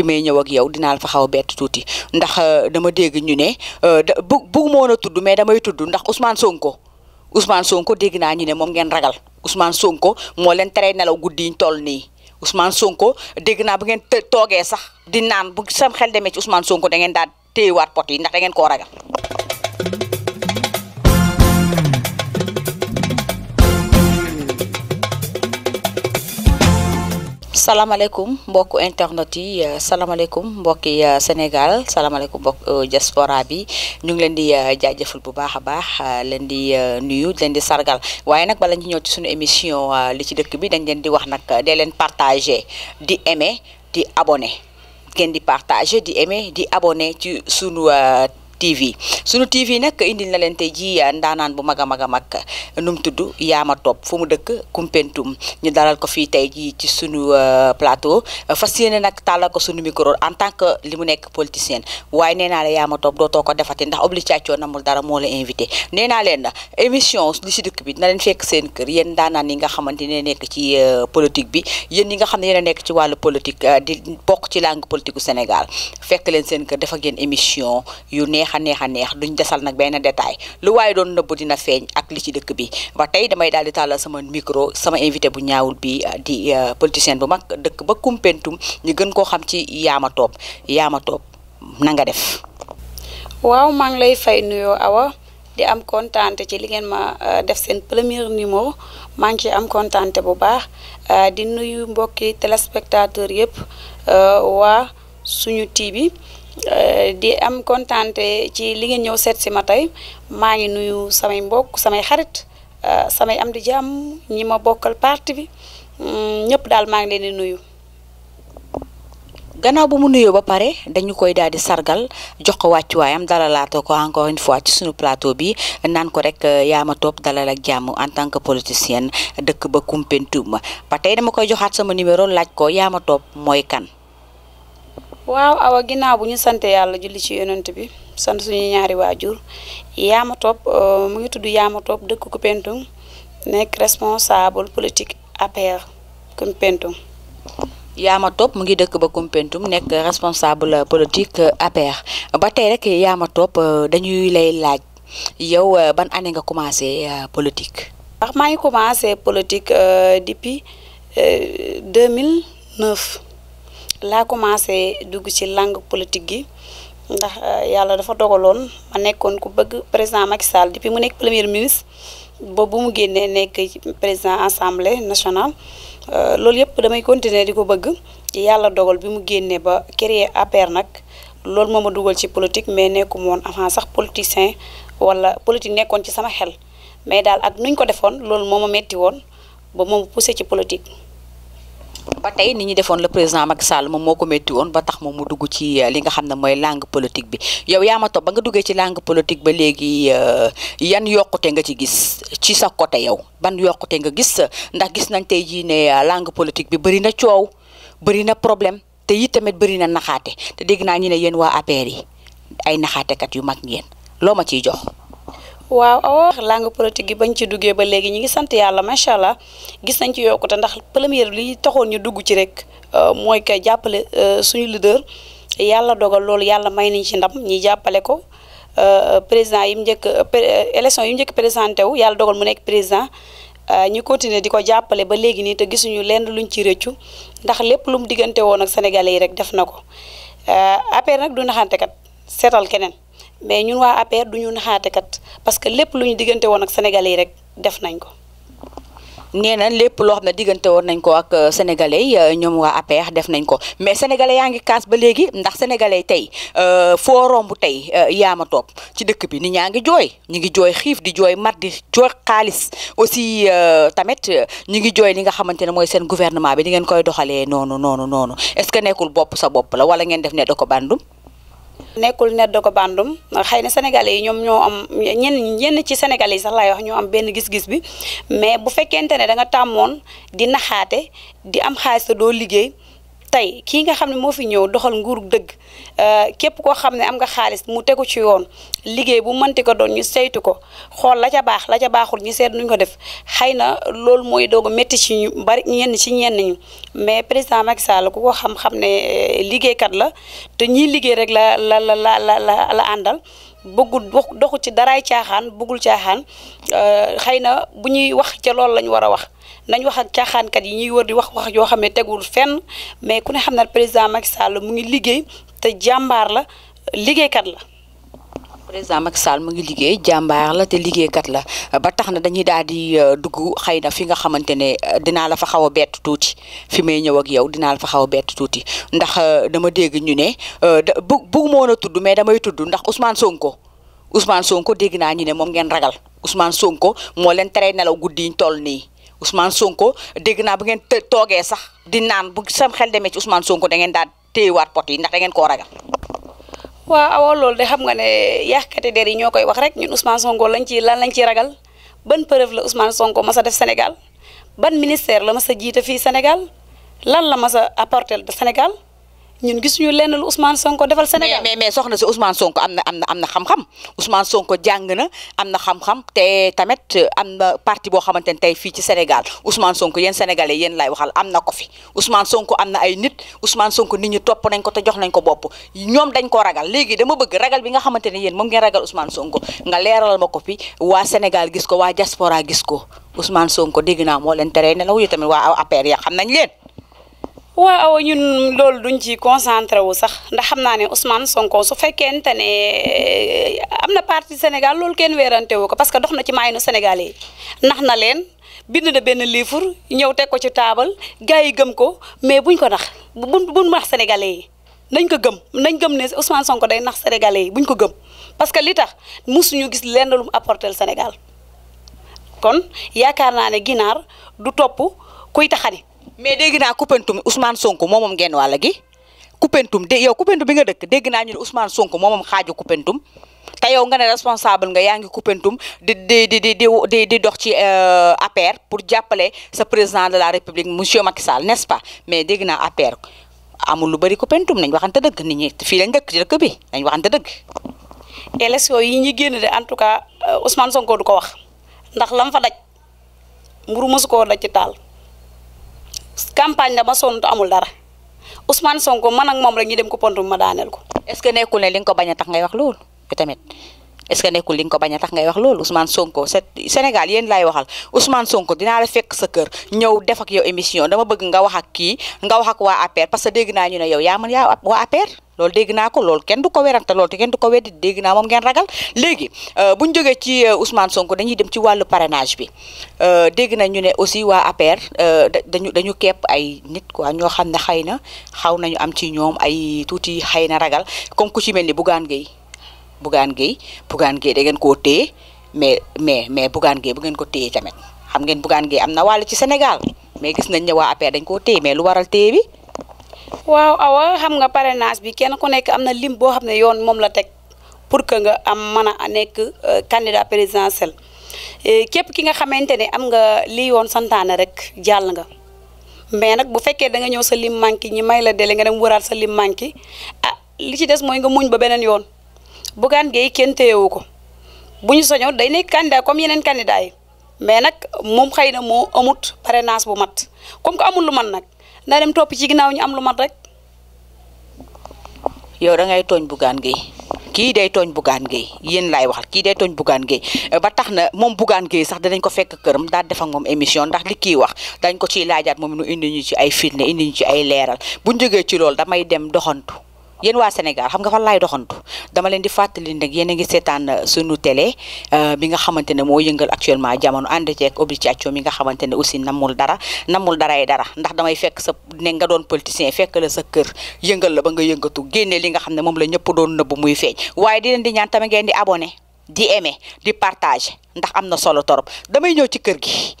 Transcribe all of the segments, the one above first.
fi may ñëw ak yow dinaa la fa xaw a bett tuuti ndax euh, dama dégg ñu ne euh, bu bu moon a tudd mais damay tudd ndax Ousmane Sonko Ousmane Sonko dégg naa ñu ne moom ngeen ragal Ousmane Sonko moo leen tere nelaw guddi yiñ toll nii Ousmane Sonko dégg naa bu ngeen toogee sax di naan bu sam xel demee ci Ousmane Sonko da ngeen daal téyewaat pot yi ndax da ngeen koo ragal. salaamaaleykum mbokku internet yi euh, salaamaaleykum mbokki euh, Sénégal salaamaaleykum mbokk euh, diaspora bi ñu ngi leen di jaajëfal bu baax a baax leen di nuyu leen di sargal waaye nag bala ñu ñëw ci suñu émission li ci dëkk bi dañ leen di wax nag dee leen partager di aimer di abonné ngeen di partager di aimer di aboné ci sunu TV sunu TV nag indi na leen tey ji ndaanaan bu mag a mag a mag nu mu tudd a Top fu mu dëkk Kumpentum ñu dalal ko fii tey jii ci sunu euh, plateau fas yéene nag tàllal ko suñu micro en tant que li mu nekk politicien waaye nee naa la Yaama Top dootoo ko defati ndax obligation namul dara moo invité nee naa leen émission li si dëkk bi na leen fekk seen kër yéen ndaanaan yi nga xamante ne nekk ci euh, politique bi yéen yi nga xam ne yéen a nekk ci wàllu politique euh, di bokk ci langue politiku gu Sénégal fekk leen seen def ak yéen émission a neex a neex duñ desal nag benn détail lu waaye doon nëbb dina feeñ ak li ci dëkk bi ba tey damay daal di tàllal sama micro sama invité bu ñaawul bi uh, di uh, politicien bu mag dëkk ba Koumpentoum ñu gën koo xam ci Yaama Top Yaama Top na def. waaw maa ngi lay fay nuyoo awa di am kontaante ci li ngeen ma uh, def seen premier numéro maa ngi ciy am kontaante bu baax di nuyu mbokki téléspectateur yëpp waa suñu TV. Euh, di am kontante ci li ngeen ñëw seet si ma tey maa ngi nuyu samay mbokk samay xarit euh, samay am di jàmm ñi ma bokkal parti bi mm, ñëpp daal maa ngi leen di nuyu. gannaaw bu mu nuyoo ba pare dañu koy daal di sargal jox ko wàccuwaayam dalalaatoo ko encore une fois ci suñu plateau bi naan ko rek euh, yaa ma topp dalal ak jàmm en tant que politicienne dëkk ba Koumpentoum ba tey dama koy joxaat sama numéro laaj ko yaa ma topp mooy kan. waaw awa ginnaaw bu ñu sante yàlla julli ci yonent bi sant suñu ñaari waajur Yaama Top euh, mu ngi tudd Yaama Top dëkk Koumpentoum nekk responsable politique APR Koumpentoum Yaama Top mu ngi dëkk ba Koumpentoum nekk responsable politique APR ba tey rek Yaama Top euh, dañuy lay laaj yow euh, ban année nga commencé politique. wax maa ngi commencé politique depuis 2009. laa commencé dugg ci langue politique gi ndax euh, yàlla dafa dogaloon ma nekkoon ku bëgg président Macky Sall depuis mu nekk premier ministre boobu mu génnee nekk président assemblée nationale euh, loolu yëpp damay continuer di ko bëgg yàlla dogal bi mu génnee ba créer APR nag loolu moom ma dugal ci politique mais nekkuma woon avant sax politicien wala politique nekkoon ci sama xel mais daal ak nuñ ko defoon loolu moom ma metti woon ba moom poussé ci politique ba tey ni ñu defoon le président mag Sall moom moo ko métti woon ba tax moom mu dugg ci euh, li nga xam ne mooy langue politique bi yow yaa ma topp ba nga duggee ci langue politique ba léegi euh, yan yokkute nga ci gis ci sa côté yow ban yokkute nga gis ndax gis nañ tey jii ne euh, langue politique bi bëri na coow bëri na problème te it tamit bëri na naxaate te dégg naa ñu ne yéen waa APR yi ay naxaatekat yu mag ngeen loo ma ciy jox. waaw wax langue politique yi bañ ci duggee ba léegi ñi ngi sant yàlla macha allah gis nañ ci yokkute ndax première li taxoon ñu dugg ci rek euh, mooy que jàppale euh, suñu leader yàlla dogal loolu yàlla may nañ ci ndam ñi jàppale ko euh, président yi mu njëkk élection yi mu njëkk présenté wu yàlla dogal mu nekk président ñu continuer di ko jàppale ba léegi nii te gisuñu lenn luñ ci rëccu ndax lépp lu mu diggante woon ak sénégalais yi rek def na ko affaire nag du naxante kat seetal keneen. mais ñun waa APR du ñu naxaatekat parce que lépp lu ñu digante woon ak sénégalais rek def nañ ko. nee na lépp loo xam ne diggante woon nañ ko ak euh, sénégalais yi euh, ñoom waa APR def nañ ko mais sénégalais yaa ngi kaas ba léegi ndax sénégalais tey euh, foo romb tey yaam ma toog ci dëkk bi nit ñaa ngi jooy ñu ngi jooy xiif di jooy mar di jooy xaalis aussi tamit ñu ngi jooy li nga xamante ne mooy seen gouvernement bi di ngeen koy doxalee noonu noonu noonu est-ce que nekkul bopp sa bopp la wala ngeen def ne da ko bandum nekkul net da ko bandum xëy na sénégalais yi ñoom ñoo am ñenn ñenn ci sénégalais yi sax laay wax ñoo am benn gis-gis bi mais bu fekkente ne da nga tàmmoon di naxaate di am xaalis te doo liggéey tey kii nga xam ne moo fi ñëw doxal nguur dëgg euh, képp koo xam ne am nga xaalis mu tegu ci yoon liggéey bu mënti ko doon ñu saytu ko xool la ca baax la ca baaxul ñu seet nuñ ko def xëy na loolu mooy doog a métti ci ñu bari ñenn ci ñenn ñu mais président Macky saala ku ko xam-xam ne euh, liggéeykat la te ñiy liggéey rek la la la la la la àndal bëggul doxu ci daraay caaxaan bëggul caaxaan euh, xëy na bu ñuy wax ca loolu lañ war a wax. nañ wax ak caaxaankat yi ñuy wër di wax wax yoo xam ne tegul fenn mais ku ne xam na président Macky Sall mu ngi liggéey te jàmbaar la liggéeykat la. président Macky Sall mu ngi liggéey jàmbaar la te liggéeykat la ba tax na dañuy daal di euh, dugg xëy na fi nga xamante ne euh, dinaa la fa xaw a bett tuuti fi may ñëw ak yow dinaa la fa xaw a bett tuuti ndax euh, dama dégg ñu ne bu bu ma a tudd mais damay tudd ndax Ousmane Sonko Ousmane Sonko dégg naa ñu ne moom ngeen ragal Ousmane Sonko moo leen tere nelaw guddi ñu toll nii. Ousmane Sonko dégg naa bu ngeen toogee sax di naan bu sam xel demee ci Ousmane Sonko da ngeen daal téyewaat pot yi ndax da ngeen koo ragal. waaw awa loolu de xam nga ne yàqati der yi ñoo koy wax rek ñun Ousmane Sonko lañ ci lan lañ ciy ragal ban preuve la Ousmane Sonko mas a def Sénégal ban ministère la mas a jiite fii Sénégal lan la mas a de Sénégal. ñun gisuñu lenn lu Ousmane Sonko defal Sénégal. mais mais soxna si Ousmane Sonko am na am na am na xam-xam Ousmane Sonko jàng na am na xam-xam te tamit am parti boo xamante ne tey fii ci Sénégal Ousmane Sonko yéen sénégal yéen laay waxal am na ko fi Ousmane Sonko am na ay nit Ousmane Sonko nit ñu topp nañ ko te jox nañ ko bopp ñoom dañ ko ragal léegi dama bëgg ragal bi nga xamante ne yéen moom ngeen ragal Ousmane Sonko nga leeralal ma ko fi waa Sénégal gis ko waa diaspora gis ko Ousmane Sonko dégg naa moo leen tere nelaw yi tamit waa APR ya xam nañ leen waaw ñun loolu duñ ci concentrer wu sax ndax xam naa ne Ousmane Sonko su fekkente ne eh, am na parti Sénégal loolu kenn weerante wu ko parce que dox na ci maayanu Sénégal yi nax na leen bind na benn livre ñëw teg ko ci taabal gars yi gëm ko mais buñ ko nax buñ buñ nax sénégalais yi nañ ko gëm nañ gëm ne Ousmane Sonko day nax sénégalais yi buñ ko gëm parce que li tax mosuñu gis lenn lu mu apporter Sénégal kon yaakaar naa ne ginaar du topp kuy taxani mais dégg naa Koupentoum Ousmane Sonko moo moom genn wàll gi Koupentoum de yow Koupentoum bi nga dëkk dégg naa ñu ne Ousmane Sonko moo moom xaaju Koupentoum te yow nga ne responsable nga yaa ngi Koupentoum di di di dox ci euh, APR pour jàppale sa président de la République monsieur Macky Sall n'est-ce pas mais dégg na APR amul lu bëri Koupentoum nañ waxante dëgg nit ñi fii lañ dëkk ci dëkk bi nañ waxante dëgg. élection yi ñi génn de en tout cas euh, Ousmane Sonko du ko wax ndax lam fa daj mburu mësu koo daj ci taal. campagne dama sonn amul dara Ousmane Sonko man ak moom rek ñu dem ko pontu ma daaneel ko. est-ce que nekkul ne li nga ko bañ a tax ngay wax loolu tamit. est-ce que nekkul li nga ko a tax ngay wax loolu Ousmane Sonko Sénégal yéen laay waxal Ousmane Sonko dinaa la fekk sa kër ñëw def ak yow émission dama bëgg nga wax ak kii nga wax ak waa APR parce que dégg naa ñu ne yow loolu dégg naa ko loolu kenn du ko werante loolu ko weddi dégg naa moom ngeen ragal euh, bu ñu jógee ci euh, Ousmane Sonko dañuy dem ci wàllu parrainage bi euh, dégg na ñu ne aussi waa APR dañu dañu kepp ay nit quoi ñoo xam ne xëy na xaw nañu am ci ñoom ay tuuti xëy na ragal comme ku ci mel ni Bougane Gueye Bougane Gueye Bougane Gueye da ngeen koo téye mais mais mais Bougane Gueye bu ngeen ko téye tamit xam ngeen Bougane Gueye am na wàll ci Sénégal mais gis nañ ne waa APR dañ koo téye mais lu waral téye bi. waaw awa xam nga parrainage bi kenn ku nekk am na lim boo xam ne yoon moom la teg pour que nga am mën a nekk euh, candidat présidentiel képp ki nga xamante ne am nga li yoon santaane rek jàll nga. mais nag bu fekkee da nga ñëw sa lim manqué ñi may la dele nga dem wëraat sa lim manqué ah li ci des mooy nga muñ ba beneen yoon. Bougane Gueye kenn téyewu ko bu ñu soñoon day nekk candidat comme yeneen candidat yi mais nag moom xëy na moo amut parrainage bu mat comme que amul lu mat nag na dem topp ci ginnaaw ñu am lu mat rek. yow da ngay tooñ Bougane Gueye kii day tooñ Bougane Gueye yéen laay waxal kii day tooñ Bougane Gueye ba tax na moom Bougane Gueye sax danañ ko fekk këram daal def ak moom émission ndax li kii wax dañ ko ciy laajaat moom nu indi ñu ci ay firnde indi ñu ci ay leeral bu ñu ci lool damay dem doxantu. yéen waa Sénégal xam nga fan laay doxantu dama leen di fàttali nag yéen a ngi seetaan uh, sunu télé uh, bi nga xamante ne moo yëngal actuellement jamono ànd ceeg obligation mi nga xamante ne aussi namul dara namul daray dara ndax damay fekk sa ne nga doon politicien fekk la sa kër yëngal la ba nga yëngatu génne li nga xam ne moom la ñëpp doon nëbb muy feeñ waaye di leen di ñaan tamit ngeen di abonné di aimer di partager ndax am na solo torop damay ñëw ci kër gi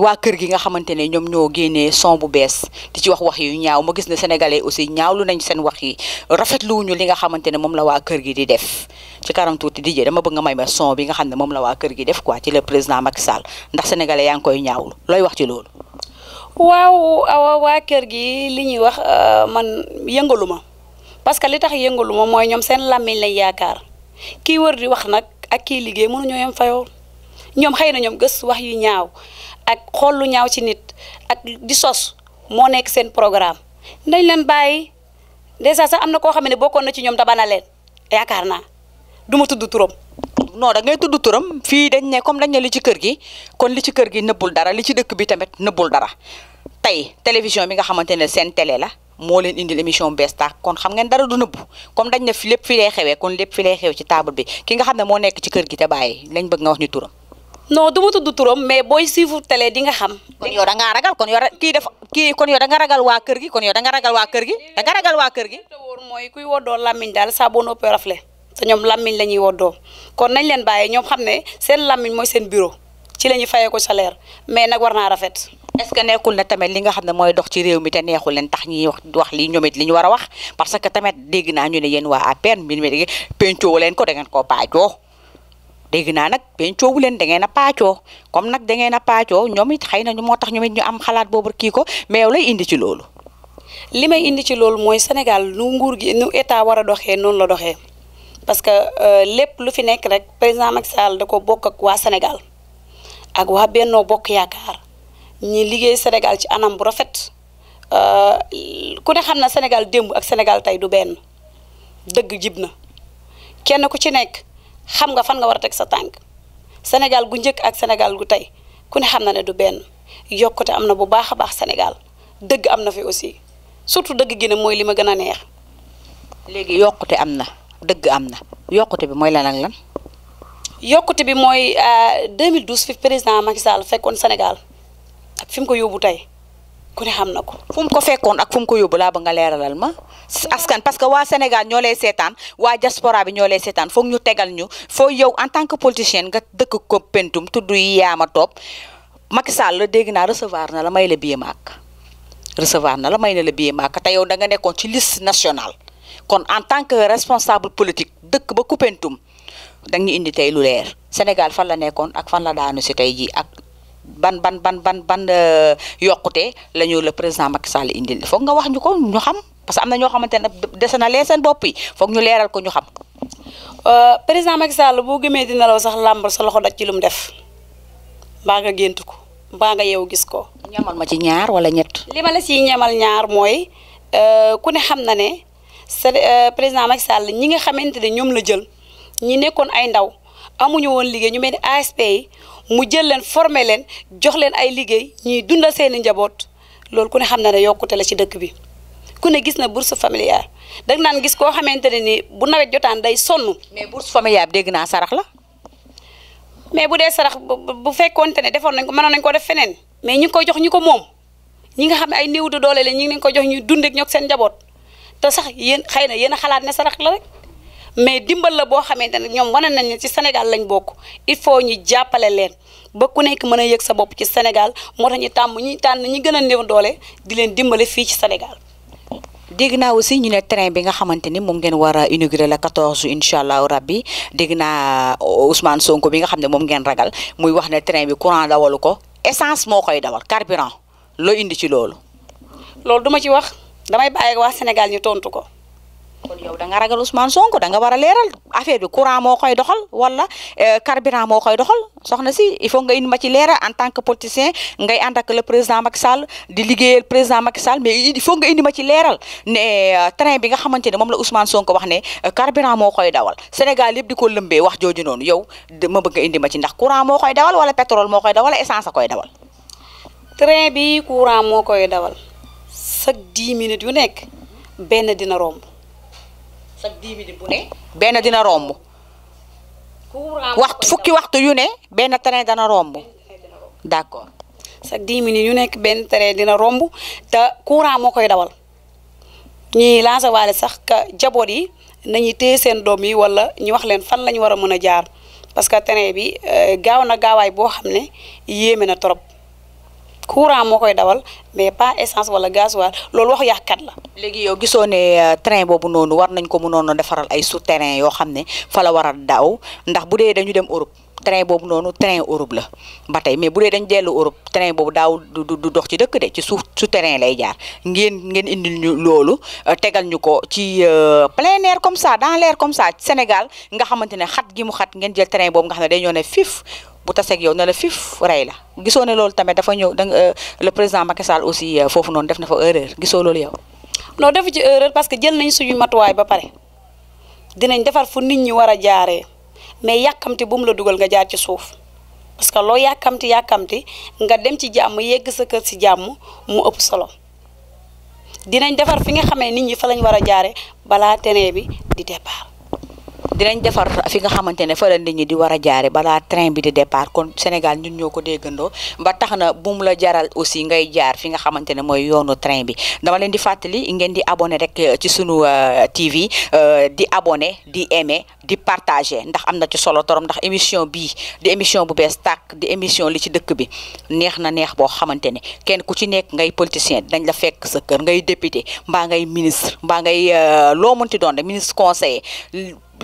waa kër gi nga xamante ne ñoom ñoo génnee son bu bees di ci wax wax yu ñaaw ma gis ne sénégalais aussi ñaawlu nañ seen wax yi rafetluwuñu li nga xamante ne moom la waa kër gi di def ci kanam tuuti di jee dama bëgg nga may ma son bi nga xam ne moom la waa kër gi def quoi ci le président Macky Sall ndax sénégalais yaa koy ñaawlu looy wax ci loolu. waaw awa waa kër gi li ñuy wax euh, man yëngalu ma parce que li tax yëngalu ma mooy ñoom seen làmmiñ lañ yaakaar kii wër di wax nag ak kii liggéey mënuñoo yem fayoo ñoom xëy na ñoom gës wax yu ñaaw ak xool lu ñaaw ci nit ak di sos moo nekk seen programme dañ leen bàyyi dèjà sax am na koo xam ne bokkoon na ci ñoom dabana leen yaakaar naa du ma tudd turam. non da ngay tudd turam fii dañ ne comme dañ ne li ci kër gi kon li ci kër gi nëbbul dara li ci dëkk bi tamit nëbbul dara tey télévision bi nga xamante ne seen télé la. moo leen indil émission bees tàq kon xam ngeen dara du nëbbu comme dañ ne fi lépp fi lay xewee kon lépp fi lay xew ci table bi ki nga xam ne moo nekk ci kër gi te bàyyi lañ bëgg wax ñu turam. non du ma tudd mais booy suivre télé di nga xam. kon yow da ragal kon yow kii def kii kon yow da nga ragal waa kër gi kon yow da nga ragal waa kër gi da nga ragal waa kër gi. mooy kuy woddoo làmmiñ daal saa boo noppee rafle te ñoom làmmiñ la ñuy woddoo kon nañ leen bàyyi ñoom xam ne seen làmmiñ mooy seen bureau ci la ñuy fayee ko salaire mais nag war naa rafet. est-ce que nekkul ne tamit li nga xam ne mooy dox ci réew mi te neexul leen tax ñiy wax wax li ñoom it li ñu war a wax parce que tamit dégg naa ñu ne waa APR mbir mi péncoo leen ko da ngeen koo baajoo dégg naa nag pencoowu leen da ngeen a paacoo comme nag da a paacoo ñoom it xëy na moo tax ñoom it ñu am xalaat boobu kii ko mais yow lay indi ci loolu. li may indi ci loolu mooy Sénégal nu nguur gi nu état war a doxee noonu la doxee parce que euh, lépp lu fi nekk rek président Macky Sall da ko bokk ak waa Sénégal ak waa Bennoo Bokk Yaakaar ñi liggéey Sénégal ci anam bu rafet euh, ku ne xam na Sénégal démb ak Sénégal tey du benn dëgg jib na kenn ku ci nekk. xam nga fan nga war a teg sa tànk Sénégal gu njëkk ak Sénégal gu tey ku ne xam na ne du benn yokkute am na bu baax a baax Sénégal dëgg am na fi aussi surtout dëgg gi mooy li ma gën a neex. léegi yokkute am na dëgg am na yokkute bi mooy lan ak lan. yokkute bi mooy 2012 euh, fi président Macky Sall fekkoon Sénégal ak fi ko yóbbu tey. ku ne xam na ko fu mu ko fekkoon ak fu ko yóbbu laa ba nga leeralal ma askan parce que waa Sénégal ñoo lay seetaan waa diaspora bi ñoo lay seetaan foog ñu tegal ñu foo yow en tant que politicien nga dëkk ko pentum tudd yi yaama topp Macky Sall la dégg naa recevoir na la may la billet màkk recevoir na la may na la billet màkk te yow da nga nekkoon ci list national kon en tant que responsable politique dëkk ba Koupentoum da nga ñu indi tey lu leer Sénégal fan la nekkoon ak fan la daanu si tey jii ak ban ban ban ban ban euh, yokkute la ñu le président Macky Sall indi foog nga wax ñu ko ñu xam parce que am na ñoo xamante ne dese na leen seen bopp yi foog ñu leeral ko ñu xam. Euh, président Macky Sall boo gëmee di nelaw sax làmbal sa loxo daj ci lu def mbaa nga gént ko mbaa nga yeewu gis ko. ñamal ma ci ñaar wala ñett. li ma la siy ñamal ñaar mooy euh, ku ne xam na ne sa président Macky Sall ñi nga xamante ne ñoom la jël ñi nekkoon ay ndaw. amuñu woon liggéey ñu mel ni ASP yi mu jël leen former leen jox leen ay liggéey ñuy dundal seeni njaboot loolu ku ne xam na ne yokkute la ci dëkk bi ku ne gis na bourse familia dag naan gis koo xamante ne ni bu nawet jotaan day sonn. mais bourse familiale dégg naa sarax la. mais bu dee sarax bu fekkoonte ne defoon nañ ko mënoon nañ ko def feneen mais ñu koy jox ñu ko moom ñi nga xam ne ay néew doole la ñu ngi leen ko jox ñu dundee ñook ñoog seen njaboot te sax yéen xëy na yéen a xalaat ne sarax la rek. mais dimbal la boo xamante ne ñoom wane nañ ne ci Sénégal lañ bokk il faut ñu jàppale leen ba ku nekk mën a yëg sa bopp ci Sénégal moo tax ñu tàmm ñi tànn ñi gën a new doole di leen dimbale fii ci Sénégal. dégg naa aussi ñu ne train bi nga xamante ni moom ngeen war a inauguré la 14 incha allahu rabbi dégg naa Ousmane Sonko bi nga xam ne moom ngeen ragal muy wax ne train bi courant dawalu ko essence moo koy dawal carburant loo indi ci loolu. loolu duma ci wax damay bàyyi waa Sénégal ñu tontu ko. kon yow da nga ragal Ousmane Sonko da nga war a leeral affaire bi courant moo koy doxal wala euh, carburant moo koy doxal soxna si il faut nga indi ma ci leeral en tant que politicien ngay ànd ak le président Macky di liggéeyal président Macky Sall mais il faut nga indi ma ci leeral ne euh, train nga xamante ne moom la Ousmane Sonko wax ne euh, carburant moo koy dawal Sénégal yëpp di ko lëmbee wax jooju noonu yow ma bëgg nga indi ma ci ndax courant moo koy dawal wala pétrole moo koy dawal wala essence a koy dawal. train bi courant moo koy dawal chaque dix minutes yu nekk benn dina romb. chaque dix minutes benn dina romb. waxtu fukki waxtu yu ne benn train dana romb. d'accord chaque dix minutes yu nekk benn train dina romb te courant moo koy dawal ñuy lancer sax ka jaboot yi nañu téye seen doom yi wala ñu wax leen fan la ñu war a mën a jaar parce que train bi euh, gaaw na gaawaay boo xam ne yéeme na trop. courant moo koy dawal mais pas essence wala gasoil loolu waxu yàqkat la. léegi yoo gisoo ne euh, train boobu noonu war nañ ko mënoon defaral ay souterrain yoo xam ne fa la war a daw ndax bu dee dañu dem Europe. train boobu noonu train Europe la ba tey mais bu dee dañ dellu Europe train boobu daaw du du dox ci dëkk de ci suuf souterrain lay jaar ngeen ngeen indil ñu loolu euh, tegal ñu ko ci euh, plein air comme ça dans l'air comme ça Sénégal nga xamante ne xat gi ngeen jël train boobu nga xam ne day ñoo ne fif bu taseeg yow na la fif rey la gisoo ne loolu tamit dafa ñëw da euh, le président Macky Sall aussi euh, foofu noonu def na fa erreur gisoo loolu yow. non defu ci erreur parce que jël nañ suñu matuwaay ba pare dinañ defar fu nit ñi war a jaaree mais yàkkamti bu la dugal nga jaar ci suuf parce que loo yàkkamti yàkkamti nga dem ci jàmm yegg sa kër si jàmm mu ëpp solo dinañ defar fi nga xamee nit ñi fa lañ war a jaaree balaa terrain bi di départ. dinañ defar fi nga xamante ne fa la nit ñi di war a jaare balaa train bi di départ kon Sénégal ñun ñoo ko déggandoo ba tax na bu la jaral aussi ngay jaar fi nga xamante ne mooy yoonu train bi dama leen di fàttali ngeen di abone rek euh, ci sunu euh, TV euh, di abonné di aimé di partagé ndax am na ci solo torom ndax émission bii di émission bu bees tàkk di émission li ci dëkk bi neex na neex boo xamante ne kenn ku ci nekk ngay politicien dañ la fekk sa kër ngay député mbaa ngay ministre mbaa ngay loo mënti doon de ministre conseiller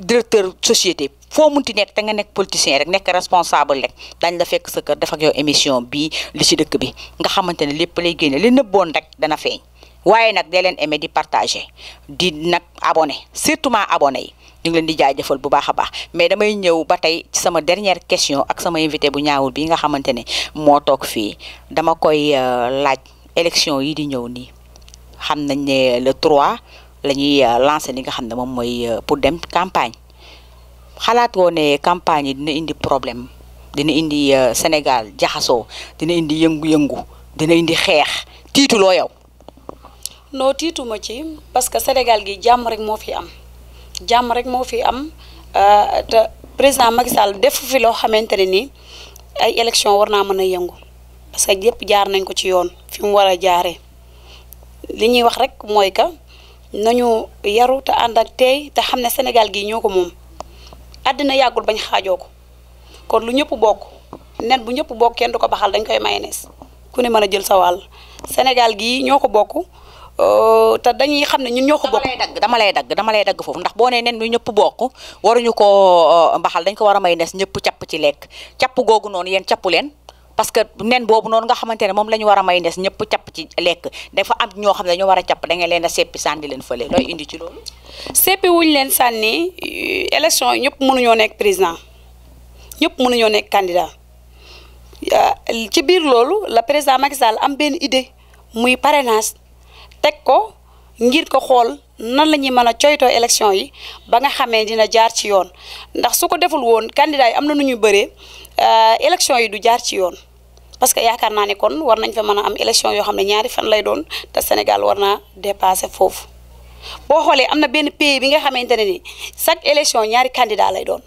directeur société foo ti nekk te nga nekk politicien rek nekk responsable rek dañ la fekk sa kër def ak yow émission bii li ci dëkk bi nga xamante ne lépp lay génne li nëbboon rek dana feeñ waaye nag dee leen aimé di partagé di nag abone surtout ma abone yi ñu ngi leen di jëfal bu baax a baax mais damay ñëw ba tey sama dernière question ak sama invité bu ñaawul bi nga xamante ne moo toog fii dama koy euh, laaj élection yi di ñëw nii xam nañ ne le 3 la ñuy euh, lancer li nga xam ne moom mooy euh, pour dem campagne xalaat woo ne campagne yi dina indi problème dina indi euh, Sénégal jaxasoo dina indi yëngu-yëngu dina indi xeex tiituloo yow. no tiituma ci parce que Sénégal gi jàmm rek moo fi am jàmm rek moo fi am te président Macky Sall def fi loo xamante ne nii ay élection war naa mën a yëngu parce que yëpp jaar nañ ko ci yoon fi mu war a jaaree li ñuy wax rek mooy que. nañu yaru te ànd ak teey te xam ne Sénégal gii ñoo ko moom àddina yàggul bañ xaajoo ko kon lu ñëpp bokk nen bu ñëpp bokk kenn du ko baxal dañ koy mayonnaise ku ne mën a jël sa wàll Sénégal gii ñoo ko bokk euh, te dañuy xam ne ñun ñoo ko dama lay dagg dama lay dagg foofu ndax boo nee nen lu ñëpp bokk waruñu ko euh, mbaxal dañ ko war a mayonnaise ñëpp capp ci lekk capp googu noonu yéen cappu leen. parce que neen boobu noonu nga xamante ne moom la ñu war a may nes ñëpp capp ci lekk dafa am ñoo xam ne dañoo war a capp da leen a seppi sànni leen fële looy indi ci loolu. seppi wuñ leen sànni euh, élection yi ñëpp mënuñoo nekk président ñëpp mënuñoo nekk candidat euh, ci biir loolu la président Macky Sall am benn idée muy parrainage teg ko ngir ko xool. nan la ñuy mën a coytoo élection yi ba nga xamee dina jaar ci yoon ndax su ko deful woon candidat yi am na nu ñu bëree euh, élection yi du jaar ci yoon parce que yaakaar naa ne kon war nañ fa mën a am élection yo xam ne ñaari fan lay doon te Sénégal war naa dépasser foofu boo xoolee am na benn pays bi nga xamante ne ni chaque élection ñaari candidat lay doon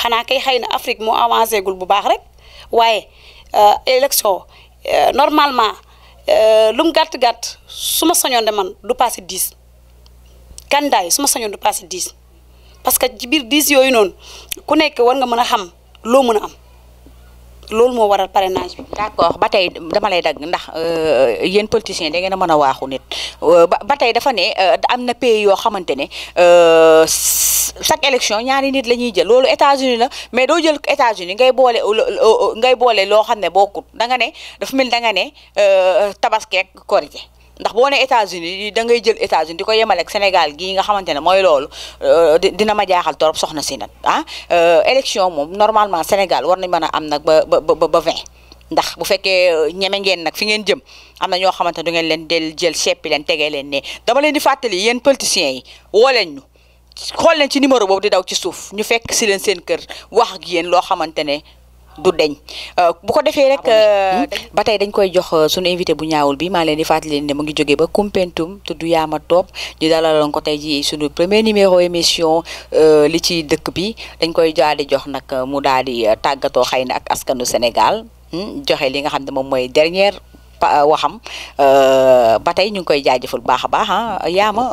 xanaa kay xëy na Afrique moo avancé gul bu baax rek waaye euh, élection euh, normalement euh, lu mu gàtt gàtt su ma sañoon de man du passé dix candidat yi su sañoon du passé dix parce que ci biir dix yooyu noonu ku nekk war nga mën a xam loo mën a am. loolu moo waral parrainage bi. d'accord ba tey dama lay dagg ndax euh, yéen politiciens da ngeen a mën a waaxu nit euh, ba ba tey dafa ne euh, am na pays yoo xamante ne chaque élection ñaari nit la ñuy jël loolu États-Unis la mais doo jël États-Unis ngay boole ngay boole loo xam ne bokkut da nga ne dafa mel da nga ne tabaski ak korite ndax boo ne États-Unis da ngay jël États-Unis di ko yemal ak Sénégal gii nga xamante ne mooy loolu euh, dina ma jaaxal torop soxna si nag ah euh, élection moom normalement Sénégal war nañ mën a am nag ba ba ba ba vingt ndax bu fekkee euh, ñeme ngeen nag fi ngeen jëm am na ñoo xamante du ngeen leen del jël seppi leen tegee leen ne dama leen di fàttali yéen politiciens yi woo leen ñu xool leen ci numéro boobu di daw ci suuf ñu fekk si leen seen kër wax gi yéen loo xamante ne du deñ euh, bu ko defee rek euh, hmm? ba tey dañ koy jox euh, suñu invité bu ñaawul bi maa leen di fàttali leen ne mu ngi jógee ba Koumpentoum tudd Yaama Top ñu dalaloon ko tey ji suñu premier numéro émission li ci dëkk bi dañ koy jaadi jox nag mu daal di tàggatoo xëy na ak askanu Sénégal hmm? joxe li nga xam ne moom mooy pa waxam ba tey ñu ngi koy jaajëfal baax a baax ah Yaama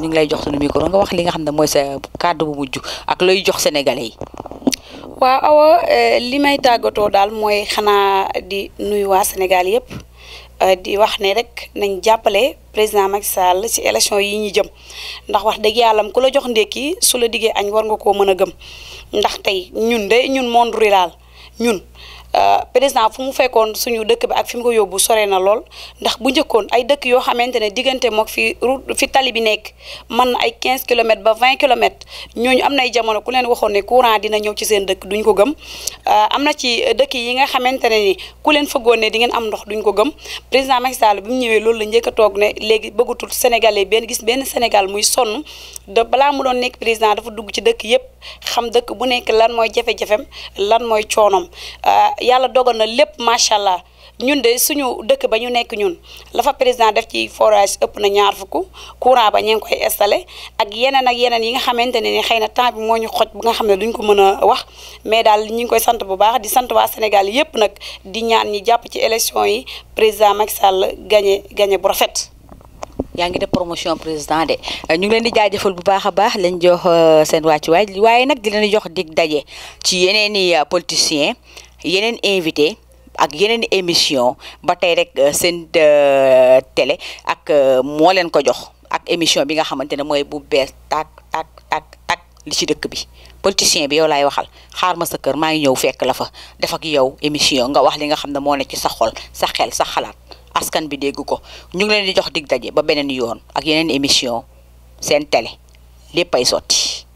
ñu ngi lay jox suñu micro nga wax li nga xam ne mooy sa kàddu bu mujj ak looy jox sénégalais yi waaw awa eh, li may tàggatoo daal mooy xanaa di nuyu waa Sénégal yépp eh, di wax ne rek nañ jàppale président Macky Sall ci élection yi ñu jëm ndax wax dëgg yàlla ku la jox ndékki su la diggee añ war nga koo mën a gëm ndax tey ñun de ñun monde rural ñun Euh, président fu mu fekkoon suñu dëkk bi ak fi mu ko yóbbu soree na lool ndax bu njëkkoon ay dëkk yoo xamante ne diggante mook fi route fi tali bi nekk mën na ay 15 kilomètres ba 20 kilomètres ñooñu am na ay jamono ku leen waxoon ne courant dina ñëw ci seen dëkk duñ ko gëm euh, am na ci dëkk yi nga xamante ne ku leen fëggoon ne di ngeen am ndox duñ ko gëm président Macky Sall bi mu ñëwee loolu la njëkk toog ne léegi bëggatul Sénégalais benn gis benn Sénégal muy sonn de balaa mu doon nekk président dafa dugg ci dëkk yépp xam dëkk bu nekk lan mooy jafe-jafem lan mooy coonom euh, yàlla dogal na lépp macha allah ñun de suñu dëkk ba ñu nekk ñun la fa président def ci forage ëpp na ñaar fukk courant ba ñu ngi koy installé ak yeneen ak yeneen yi nga xamante ne ni xëy na temps bi moo ñu xoj bu nga xam ne duñ ko mën a wax mais daal ñu ngi koy sant bu baax di sant waa Sénégal yépp nag di ñaan ñi jàpp ci élection yi président Macky Sall gagné gagné bu rafet. yaa ngi def promotion président ñu leen di jaajëfal bu baax a baax lañ jox euh, seen wàccuwaay waaye nag di leen jox dig daje ci yeneen i euh, politiciens. yeneen invité ak yeneen émission ba tey rek euh, seen euh, télé ak euh, moo leen ko jox ak émission bi nga xamante ne mooy bu bees tak tak tak li ci dëkk bi politicien bi yow lay waxal xaar ma sa kër maa ngi ñëw fekk la fa def ak yow émission nga wax li nga xam ne moo ne ci sa xol sa xel sa xalaat askan bi dégg ko ñu ngi leen di jox dig daje ba beneen yoon ak yeneen émission seen télé léppay sotti